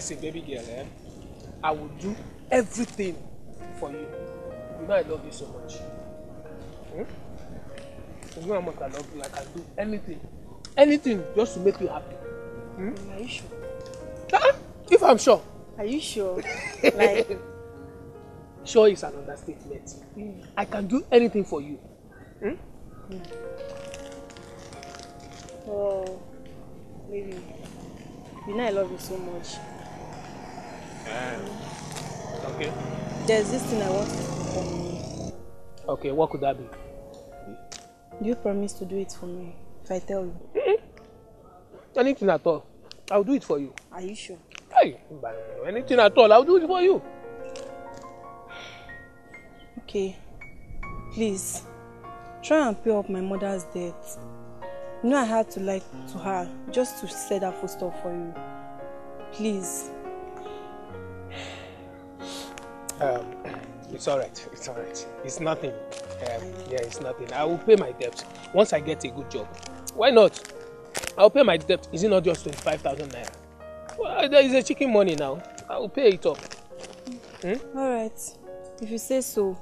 Listen, baby girl, eh? I will do everything for you. You know I love you so much. Hmm? You know how much I love you. I can do anything. Anything just to make you happy. Hmm? Are you sure? uh If I'm sure. Are you sure? like... Sure is an understatement. Mm. I can do anything for you. Hmm? Mm. Oh, baby. You know I love you so much. okay. There's this thing I want from you. Okay, what could that be? Do you promise to do it for me if I tell you? Mm -hmm. Anything at all. I'll do it for you. Are you sure? Hey, anything at all, I'll do it for you. Okay. Please, try and pay up my mother's debt. You know I had to lie to her just to set that first off for you. Please. Um, it's all right. It's all right. It's nothing. Um, yeah, it's nothing. I will pay my debt once I get a good job. Why not? I'll pay my debt. Is it not just 25,000 naira? Well, there is a chicken money now. I will pay it up. Hmm? All right. If you say so.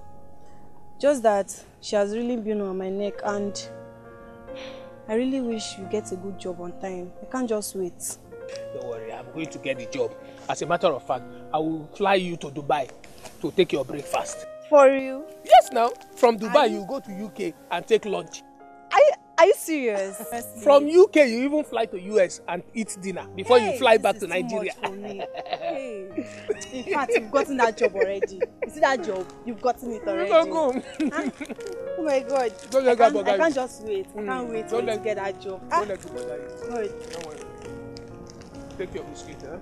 Just that she has really been on my neck and I really wish you get a good job on time. I can't just wait. Don't worry, I'm going to get the job. As a matter of fact, I will fly you to Dubai to take your breakfast. For you? Yes, now. From Dubai, I... you go to UK and take lunch. Are you, are you serious? From UK, you even fly to US and eat dinner before hey, you fly back to Nigeria. Too much for me. hey. In fact, you've gotten that job already. You see that job? You've gotten it already. Go. huh? Ah, oh my God. Don't I, can't, I can't just wait. Mm. I can't wait don't let, get that job. Don't ah. let people die. Good. Don't worry. pick your up, Mosquito.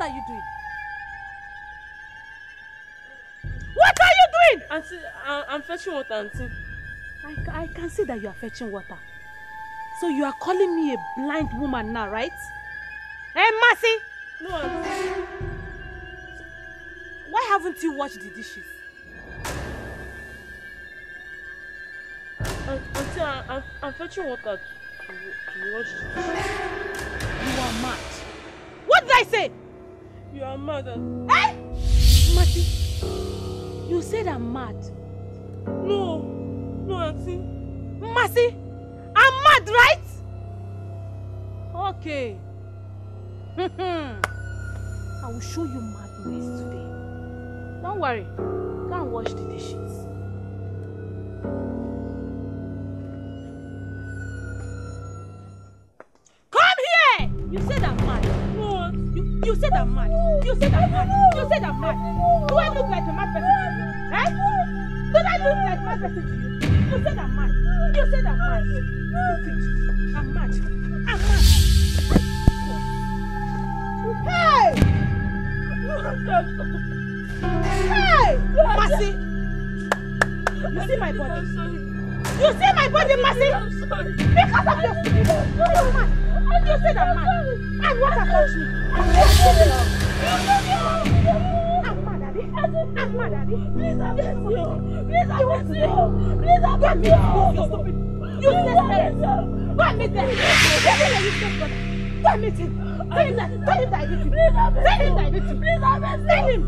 are you doing? What are you doing? Auntie, I, I'm fetching water, Auntie. I, I can see that you are fetching water. So you are calling me a blind woman now, right? Hey, Mercy! No, Auntie. Why haven't you washed the dishes? Auntie, I, I, I'm fetching water to, to wash the dishes. You are mad. What did I say? You are mad. eh, Mati? you said I'm mad. No, no, Auntie. Mercy, I'm mad, right? Okay. I will show you mad ways today. Don't worry. Go and wash the dishes. afraid I'm mad? Do I look like a mad person to you? Eh? Do I look like a mad person to you? You said I'm mad. You said I'm mad. I'm mad. I'm mad. Hey! Hey! Mercy! You see my body? You see my body, Mercy? Because of your stupid. you said I'm mad. And what about me? You said I'm mad. Please abet me! Please abet me! Please abet me! You stupid! You useless parents! Go and meet them! Tell him that you stole Tell him that! Tell him him! Tell him that I beat him! Tell him! Tell him!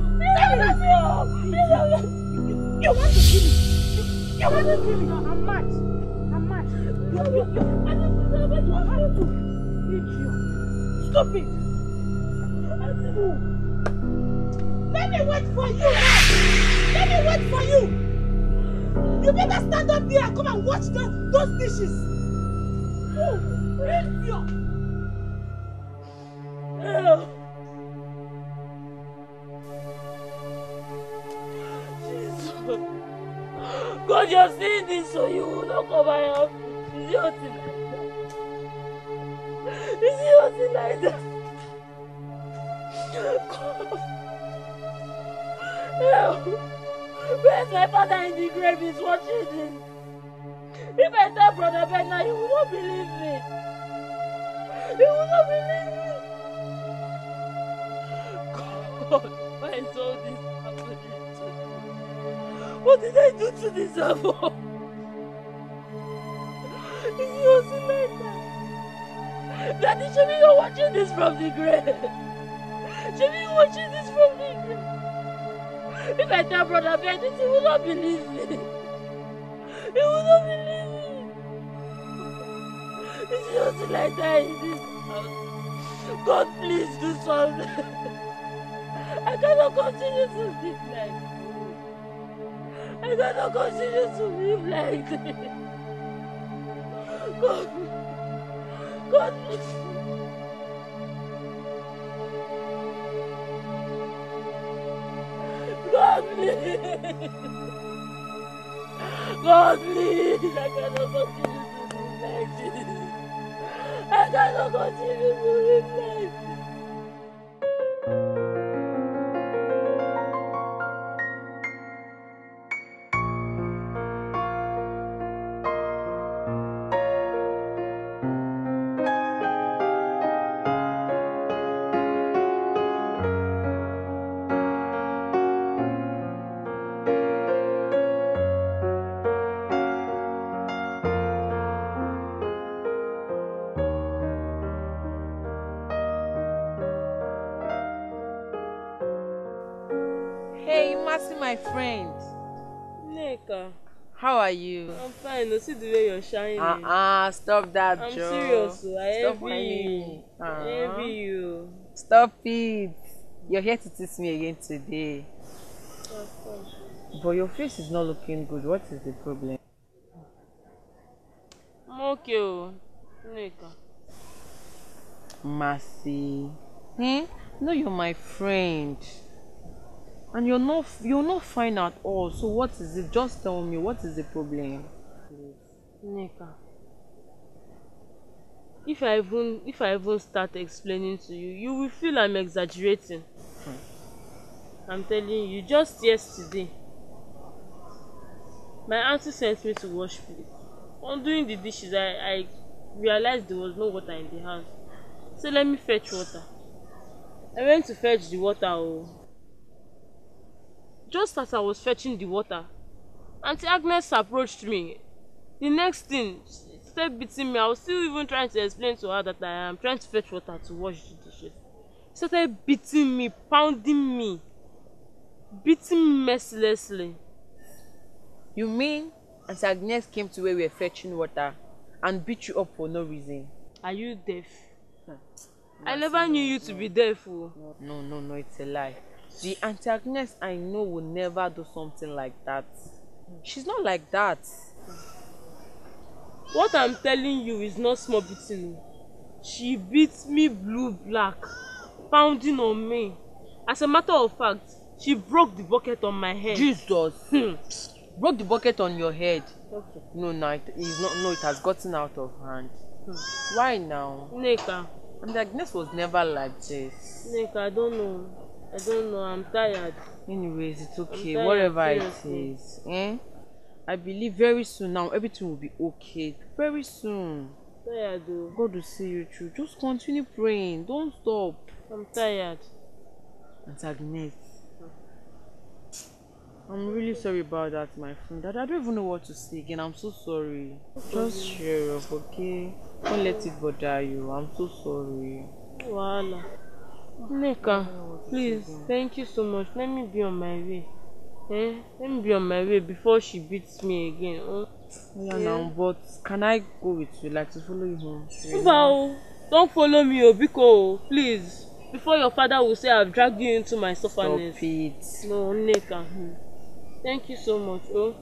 Please abet me! You want to kill me! You want to kill me! I'm mad! I'm mad! You, you, you! I what you are to Idiot! Stupid! Fool! me wait for you Let me wait for you. You better stand up here and come and watch the, those dishes. Oh, help Oh. Jesus. God, you're seeing this, so you will not come and help me. Is your thing like that? Is your thing like that? God. Oh, where's my father in the grave is watching this? If I tell Brother Ben now, he will not believe me. He will not believe me. God, why is all this happening to me? What did I do to deserve all? It's your Samantha. Daddy, should we watching this from the grave? Should we watching this from the grave? If I tell brother Benedict, he will not believe me. He will not believe me. It's not till I die in this house. God, please do something. I cannot continue to live like this. I cannot continue to live like this. God, God, please. God, please, I cannot continue to reflect. I cannot continue to reflect. friend. Nneka. How are you? I'm fine. No, see the way you're shining. Ah, uh-uh, stop that, I'm Joe. I'm serious. Oh, I envy you. Uh-huh. Ah. envy you. Stop it. You're here to tease me again today. Of course. But your face is not looking good. What is the problem? I'm okay, oh. Nneka. Mercy. Hmm? No, you're my friend. and you're not you're not fine at all so what is it just tell me what is the problem Nika, if i even if i even start explaining to you you will feel i'm exaggerating hmm. i'm telling you just yesterday my auntie sent me to wash plate on doing the dishes i i realized there was no water in the house so let me fetch water i went to fetch the water oh Just as I was fetching the water, Auntie Agnes approached me. The next thing, she started beating me. I was still even trying to explain to her that I am trying to fetch water to wash the dishes. She started beating me, pounding me, beating me mercilessly. You mean Auntie Agnes came to where we were fetching water and beat you up for no reason? Are you deaf? Hmm. I never knew you to be deaf. Oh. No, no, no, it's a lie. The antagonist I know will never do something like that. She's not like that. What I'm telling you is not small beating. She beats me blue black, pounding on me. As a matter of fact, she broke the bucket on my head. Jesus! Hmm. broke the bucket on your head. Okay. No, no, it is not. No, it has gotten out of hand. Hmm. Why now? Neka. And Agnes was never like this. Neka, I don't know. I don't know. I'm tired. Anyways, it's okay. Whatever seriously. it is, eh? I believe very soon now everything will be okay. Very soon. I'm tired though. God will see you through. Just continue praying. Don't stop. I'm tired. Aunt Agnes. I'm really sorry about that, my friend. I don't even know what to say again. I'm so sorry. Just share up, okay? Don't let it bother you. I'm so sorry. Voila. Nneka, please, thank you so much. Let me be on my way. Eh? Let me be on my way before she beats me again. Oh, yeah, yeah. now, but can I go with you, like to follow you home? Mba, oh, don't follow me, Obiko, oh, oh, please. Before your father will say I've dragged you into my suffering. Stop it. No, Nneka. Thank you so much, oh.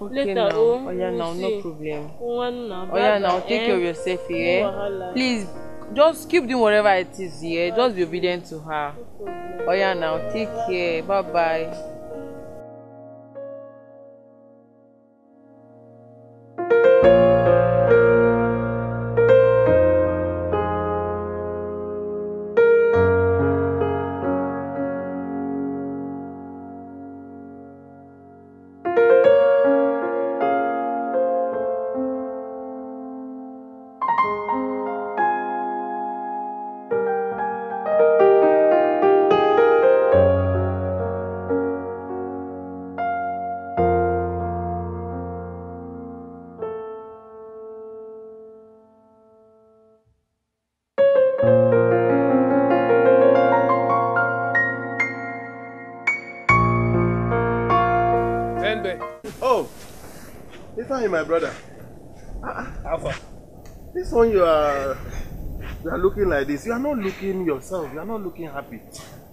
Okay Later, now. Oh, oh yeah, we'll now, see. no problem. Oh, yeah, now, take eh? care of yourself, eh? Please just keep doing whatever it is here just be obedient to her Oh yeah, now take care bye bye. Oh, this one, Ifeanyi my brother ah, ah. Alpha, this one you are you are looking like this you are not looking yourself you are not looking happy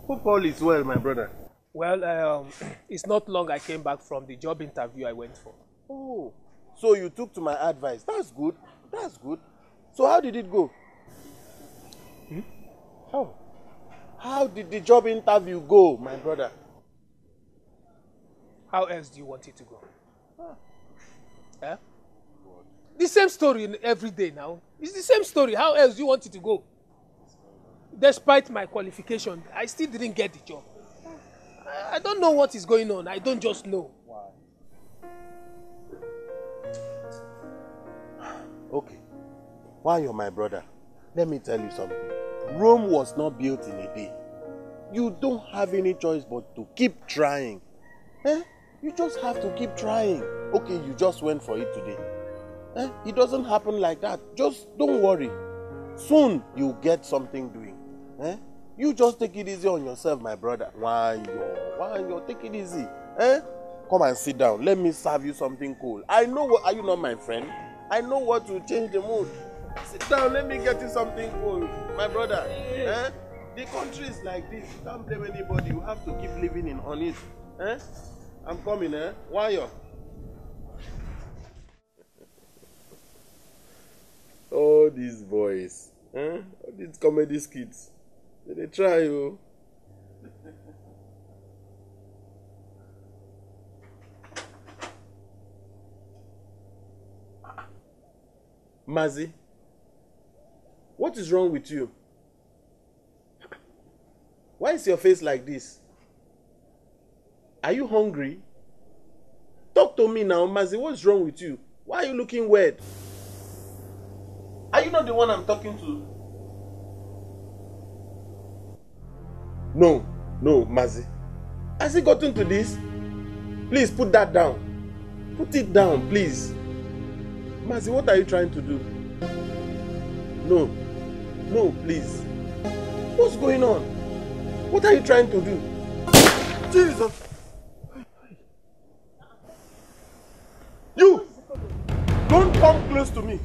hope all is well my brother. well um, it's not long I came back from the job interview I went for. oh so you took to my advice that's good that's good so how did it go. Hmm? how how did the job interview go my brother. How else do you want it to go? Huh? Eh? The same story every day now. It's the same story. How else do you want it to go? Despite my qualification, I still didn't get the job. I, don't know what is going on. I don't just know. Why? Okay. Why you're my brother? Let me tell you something. Rome was not built in a day. You don't have any choice but to keep trying. Eh? You just have to keep trying. Okay, you just went for it today. Eh? It doesn't happen like that. Just don't worry. Soon you get something doing. Eh? You just take it easy on yourself, my brother. Why yo, why yo, take it easy. Eh? Come and sit down. Let me serve you something cool. I know what are you not my friend? I know what will change the mood. Sit down, let me get you something cool, my brother. Eh? The country is like this. do not blame anybody. You have to keep living in on it. Eh? I'm coming, eh? Why you? All these boys, eh? All these comedy skits. Did they try you. Oh. Mazi, what is wrong with you? Why is your face like this? Are you hungry? Talk to me now, Mazi. What's wrong with you? Why are you looking weird? Are you not the one I'm talking to? No, no, Mazi. Has it gotten to this? Please put that down. Put it down, please. Mazi, what are you trying to do? No, no, please. What's going on? What are you trying to do? Jesus! Come close to me.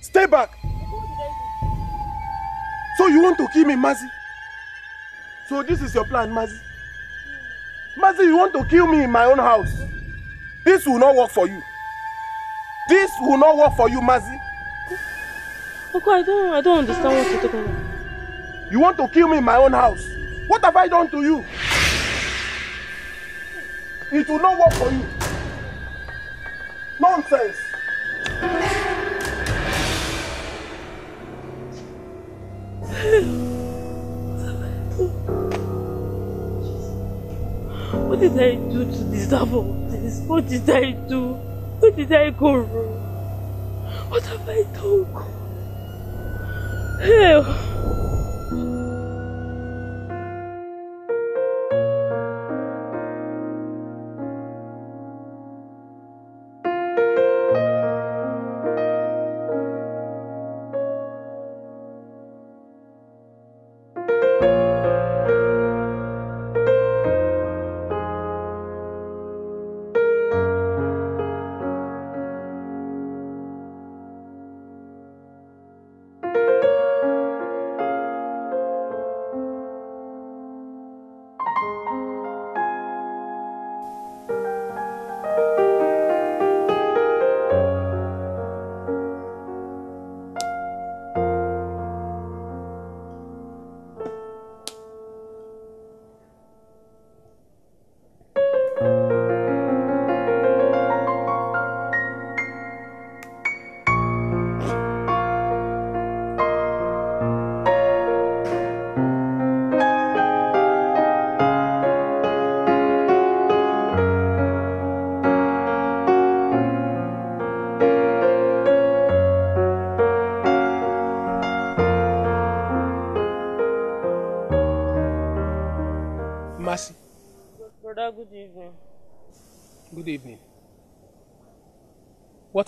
Stay back. So you want to kill me, Mazi? So this is your plan, Mazi? Mazi, you want to kill me in my own house? This will not work for you. This will not work for you, Mazi. Uncle, I don't, I don't understand what you're talking about. You want to kill me in my own house? What have I done to you? It will not work for you. Nonsense. What did I do to deserve all this? What did I do? Where did I go wrong? What have I done? Hell.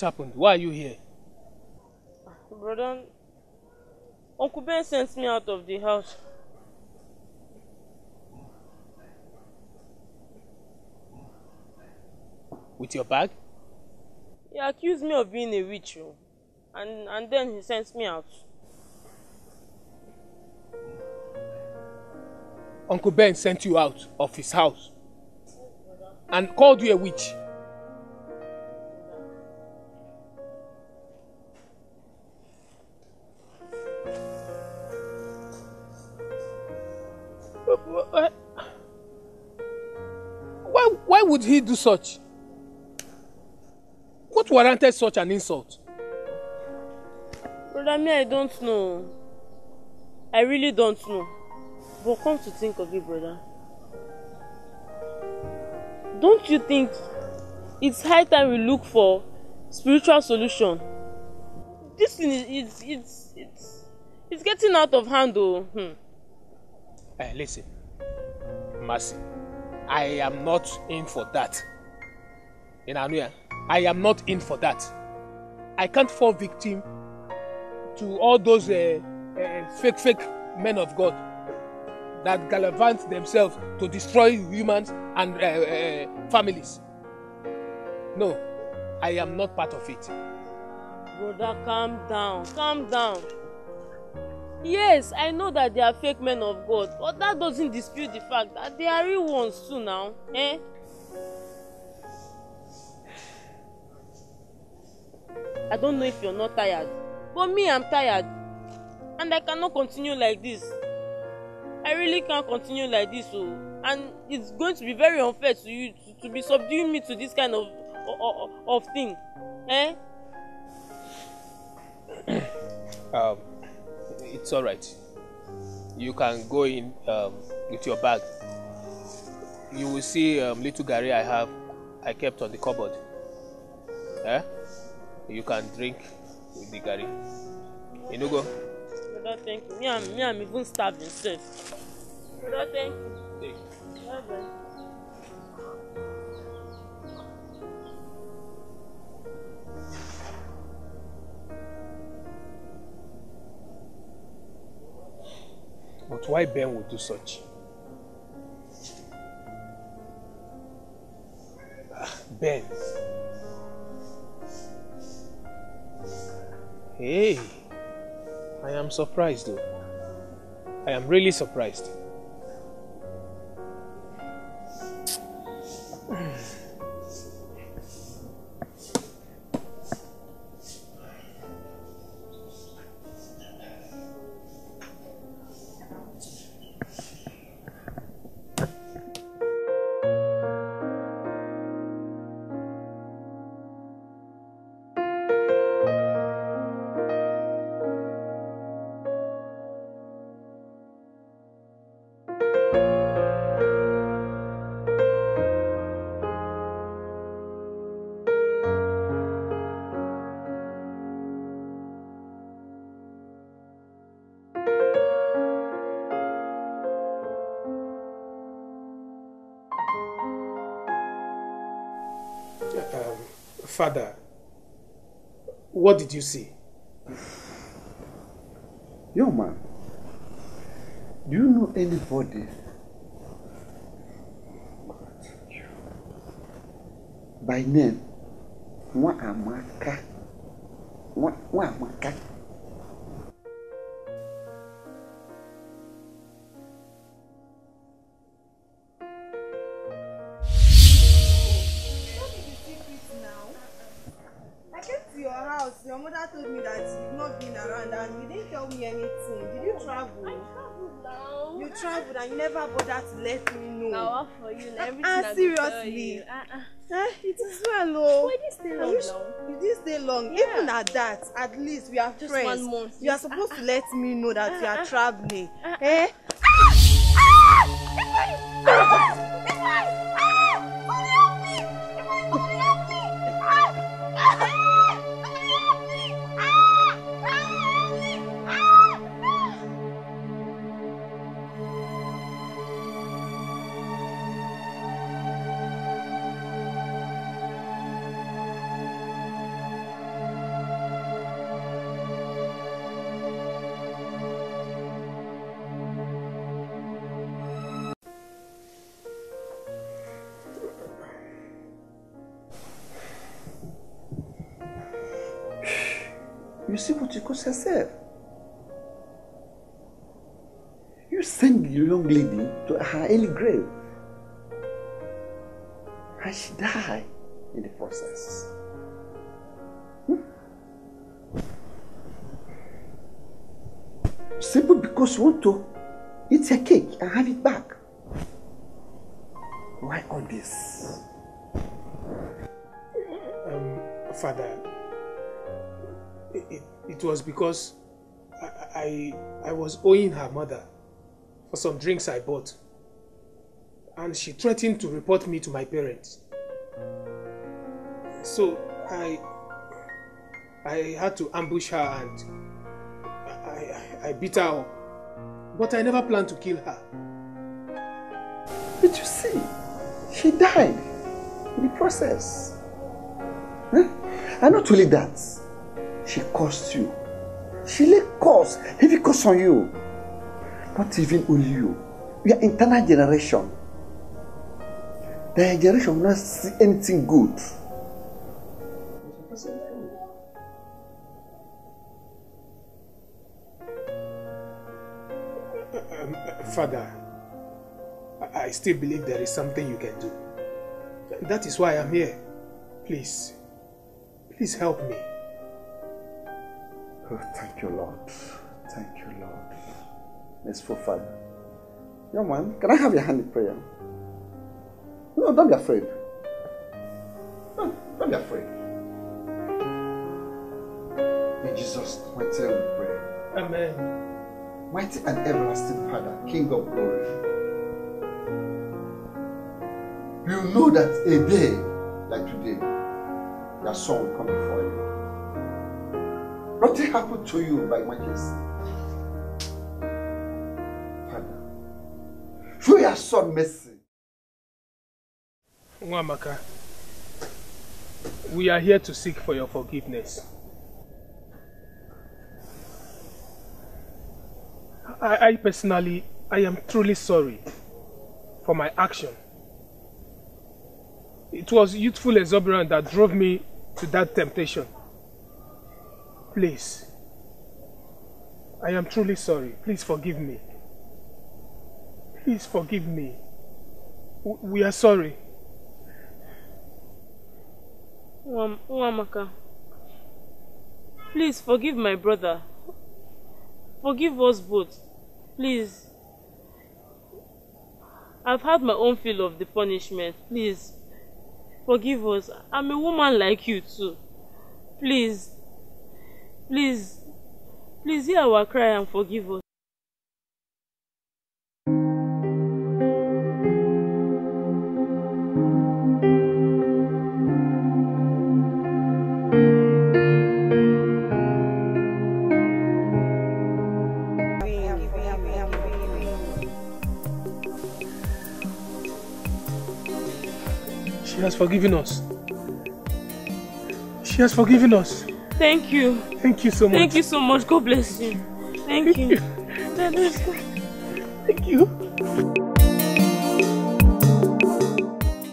What happened? Why are you here? Brother, Uncle Ben sent me out of the house. With your bag? He accused me of being a witch, oh. and, and then he sent me out. Uncle Ben sent you out of his house and called you a witch. do such? What warranted such an insult? Brother, me, I don't know. I really don't know. But come to think of it, brother. Don't you think it's high time we look for spiritual solution? This thing is, it's, it's, it's, it's getting out of hand, though. Hmm. Hey, eh, listen. Mercy. I am not in for that. In I am not in for that. I can't fall victim to all those uh, uh, fake, fake men of God that gallivant themselves to destroy humans and uh, uh families. No, I am not part of it. Brother, calm down, calm down. yes i know that they are fake men of god but that doesn't dispute the fact that they are real ones too now eh. i don't know if you're not tired but me i'm tired and i cannot continue like this i really can't continue like this o oh. and it's going to be very unfair to you to, to be subduing me to this kind of of, of, of thing eh. um it's all right. You can go in um, with your bag. You will see um, little gari I have, I kept on the cupboard. Eh? You can drink with the gari. You no go? No, thank you. Me, I'm, me, I'm even starving, sir. No, thank you. Thank you. Bye-bye. why Ben would do such. Ah, ben. Hey, I am surprised though. I am really surprised. father, what did you see? Young man, do you know anybody by name Nwa Amaka? Nwa Amaka tell me anything. Did you travel? I traveled now. You traveled and you never bothered to let me know. I work for you and everything. Ah, uh, you. Uh-uh. Huh? Eh, it is well, oh. Why did stay long? You, you did stay long. Yeah. Even at that, at least we are Just friends. One month. You are supposed uh, to ah, ah. let me know that uh, you are ah, traveling. eh? You see what you cost yourself. You send the young lady to her early grave. And she died in the process. Hmm? Simply because you want to eat a cake and have it back. Why all this? Um, Father, it, it was because I, I, I was owing her mother for some drinks I bought. And she threatened to report me to my parents. So I I had to ambush her and I, I, I beat her up. But I never planned to kill her. But you see? She died in the process. Huh? And not only that, she cursed you. She laid curse, heavy curse on you. Not even on you. Your internal generation. The generation will not see anything good. Um, Father, I still believe there is something you can do. That is why I'm here. Please, please help me. Oh, thank you, Lord. Thank you, Lord. Merciful Father. Young man, can I have your hand in prayer? No, don't be afraid. No, don't be afraid. In Jesus' mighty name we pray. Amen. Mighty and everlasting Father, King of glory. You know that a day like today, your son will come before you. What happened to you by Majesty? Father, show your son mercy. Nwamaka, we are here to seek for your forgiveness. I, I personally, I am truly sorry for my action. It was youthful exuberance that drove me to that temptation. Please, I am truly sorry. Please forgive me. Please forgive me. We are sorry. uamaka. please forgive my brother. Forgive us both. Please. I've had my own fill of the punishment. Please, forgive us. I'm a woman like you too. Please, Please, please hear our cry and forgive us. She has forgiven us. She has forgiven us. Thank you. Thank you so much. Thank you so much. God bless you. Thank, Thank you. you. Thank you.